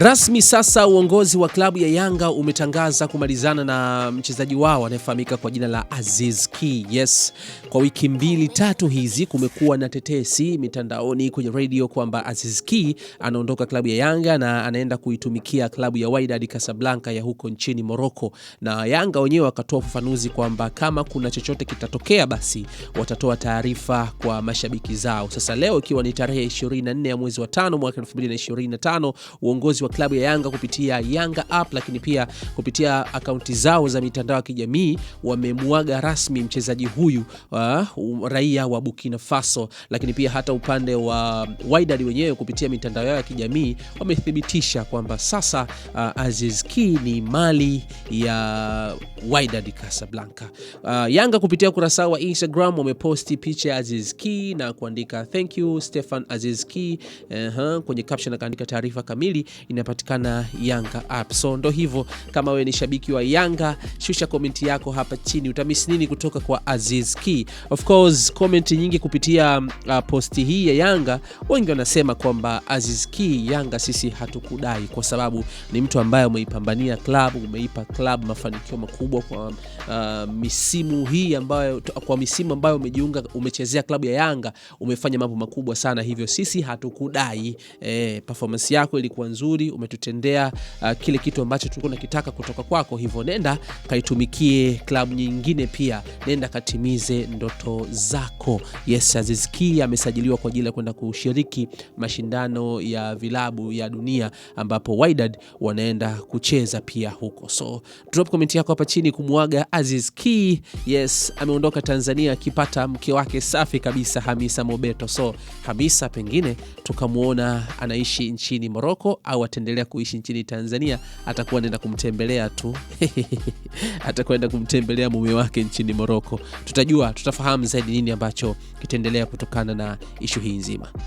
Rasmi sasa uongozi wa klabu ya Yanga umetangaza kumalizana na mchezaji wao anayefahamika kwa jina la Aziz Ki. Yes, kwa wiki mbili tatu hizi kumekuwa na tetesi mitandaoni, kwenye redio kwamba Aziz Ki anaondoka klabu ya Yanga na anaenda kuitumikia klabu ya Wydad Casablanca ya huko nchini Morocco, na Yanga wenyewe wakatoa ufafanuzi kwamba kama kuna chochote kitatokea, basi watatoa taarifa kwa mashabiki zao. Sasa leo ikiwa ni tarehe 24 ya mwezi wa 5 mwaka 2025 uongozi wa klabu ya Yanga kupitia Yanga app, lakini pia kupitia akaunti zao za mitandao ya kijamii wamemwaga rasmi mchezaji huyu uh, raia wa Burkina Faso, lakini pia hata upande wa Wydad wenyewe kupitia mitandao yao ya kijamii wamethibitisha kwamba sasa uh, Aziz Ki ni mali ya Wydad Casablanca. Uh, Yanga kupitia ukurasa wa Instagram wameposti picha ya Aziz Ki na kuandika thank you Stefan Aziz Ki uh -huh, kwenye caption akaandika taarifa kamili ina inapatikana Yanga app. So ndo hivyo, kama wewe ni shabiki wa Yanga, shusha komenti yako hapa chini. Utamisi nini kutoka kwa Aziz Ki? Of course komenti nyingi kupitia uh, posti hii ya Yanga, wengi wanasema kwamba Aziz Ki, Yanga sisi hatukudai, kwa sababu ni mtu ambaye umeipambania klabu, umeipa klabu mafanikio makubwa kwa uh, misimu hii ambayo, kwa misimu ambayo umejiunga, umechezea klabu ya Yanga, umefanya mambo makubwa sana, hivyo sisi hatukudai. Eh, performance yako ilikuwa nzuri umetutendea uh, kile kitu ambacho tulikuwa tunakitaka kutoka kwako. Hivyo nenda kaitumikie klabu nyingine pia, nenda katimize ndoto zako. Yes, Aziz Ki amesajiliwa kwa ajili ya kwenda kushiriki mashindano ya vilabu ya dunia ambapo Wydad wanaenda kucheza pia huko. So drop comment yako hapa chini kumwaga Aziz Ki. Yes, ameondoka Tanzania akipata mke wake safi kabisa Hamisa Mobeto. So Hamisa pengine tukamwona anaishi nchini Morocco au ataendelea kuishi nchini Tanzania atakuwa anaenda kumtembelea tu atakuwa anaenda kumtembelea mume wake nchini Moroko. Tutajua, tutafahamu zaidi nini ambacho kitaendelea kutokana na ishu hii nzima.